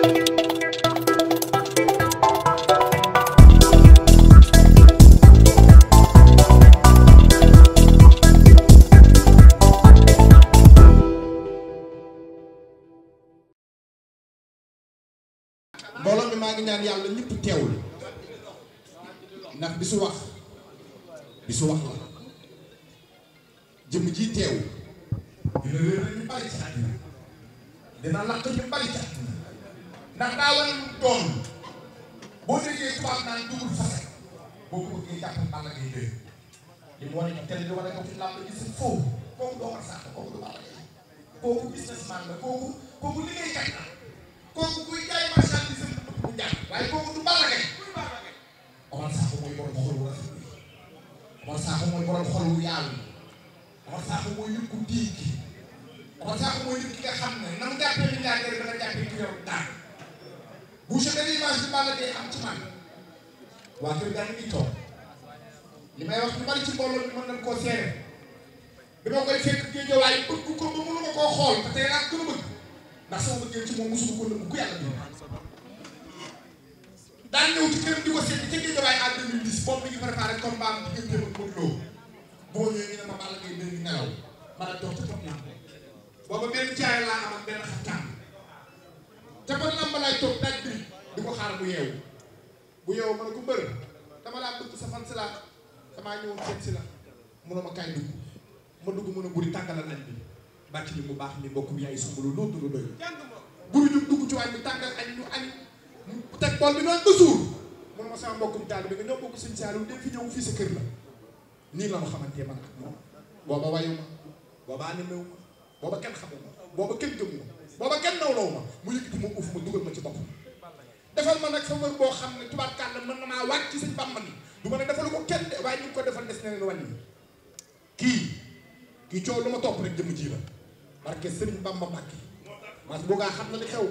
mbooloo mi maa ngi ñaan yàlla ñëpp teewul ndax bi su bi su wax la jëm ji teew dina réer ñu bari ci àddina dina làq ñu bari ci àddina ndax daa war a doon boo déggee tubaab naan double facette boo ko bëggee jàpp Balla Gaye 2 li mu wane ci télé bi wane ko ci làmb gi c'est faux kooku doo war sax kooku du Balla kooku businessman la kooku kooku liggéeykat la kooku kuy jaay marchandise bu jàpp waaye kooku du Balla Gaye Omar mooy borom xol wu rafet bi Omar Sakho mooy borom xol wu yaalu Omar mooy nit diig Omar Sakho mooy nit nga xam ne na mu jàppee milliardaire dana jàppee ki yor daan boucher benn image bi Balla Gaye am ci man waa kër gaa ngi toog li may wax ñu bari ci mbooloo bi mën nañ koo seere bi ma koy fekk géejawaay bëgg ko ba mënuma koo xool te tey laa gën a bëgg ndax sama bëggee ci moom mosuma ko nëbb ku yàlla bi daan ñëw di ko seet ca géejawaay en 2010 boobu mi ngi préparé combat bi diggante ak Modou Lo boo ñëwee ñu ne ma Balla Gaye dégg nelaw ma la dox ci topp naa ko booba benn jaay laa am ak benn xattaan te ba lamb laay toog daj xaar bu yeewu bu yeewu ma ne ko mbër dama laa bëgg sa fan si laa damaa ñëwoon seet si la mu ma kaay dugg ma dugg mu ne buri tàngalal añ bi bàcc li mu baax mi mbokk mi yaay sumbalu loolu lu doy buri ñu dugg ci waañ bi tàngal añ ñu añ mu teg bool bi noonu ba suur mu ne ma sama mbokkum taal bi nga ñoo bokk suñ saaliw dem fi ñëw fii sa kër la nii la ma xamantee man ak moom booba wayu ma booba animewu ma booba kenn xamul ma booba kenn gëmu ma booba kenn nawlaw ma mu yëkkati ma uuf ma dugal ma ci boppam defal ma nag faveur boo xam ne tubaarkàlla man na maa wàcc ci sëñ Bàmba ni du ma ne defalu ko kenn de waaye ñu ko defal des na leen kii kii coow lu ma topp rek jëm ji la barke sëriñ Bàmba Mbàkke mas boo gaa xam na li xew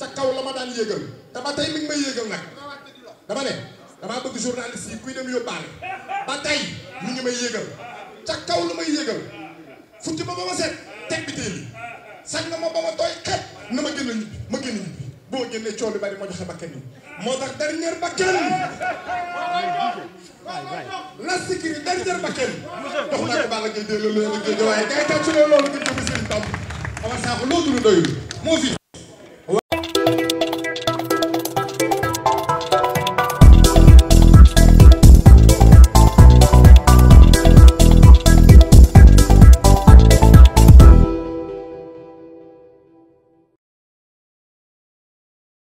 ca kaw la ma daan yéegal te ba tey mi ngi may yéegal nag dama ne damaa bëgg journaliste yi kuy dem yóbbaale ba tey ñu ngi may yéegal ca kaw la may yéegal futti ba ba ma seet teg bi téeli sañ na ma ba ma tooy xet na ma génn ma génn ñibbi boo jëndee coow lu bari moo joxe bakkan yi moo tax dernier bakkan la sikiri dernier bakkan dox naa ko Balla Gaye dee loolu la Gaye waaye kay tàccu loolu loolu ngir jëmm Serigne Bamba Omar Sakho loo dul doyul moo fi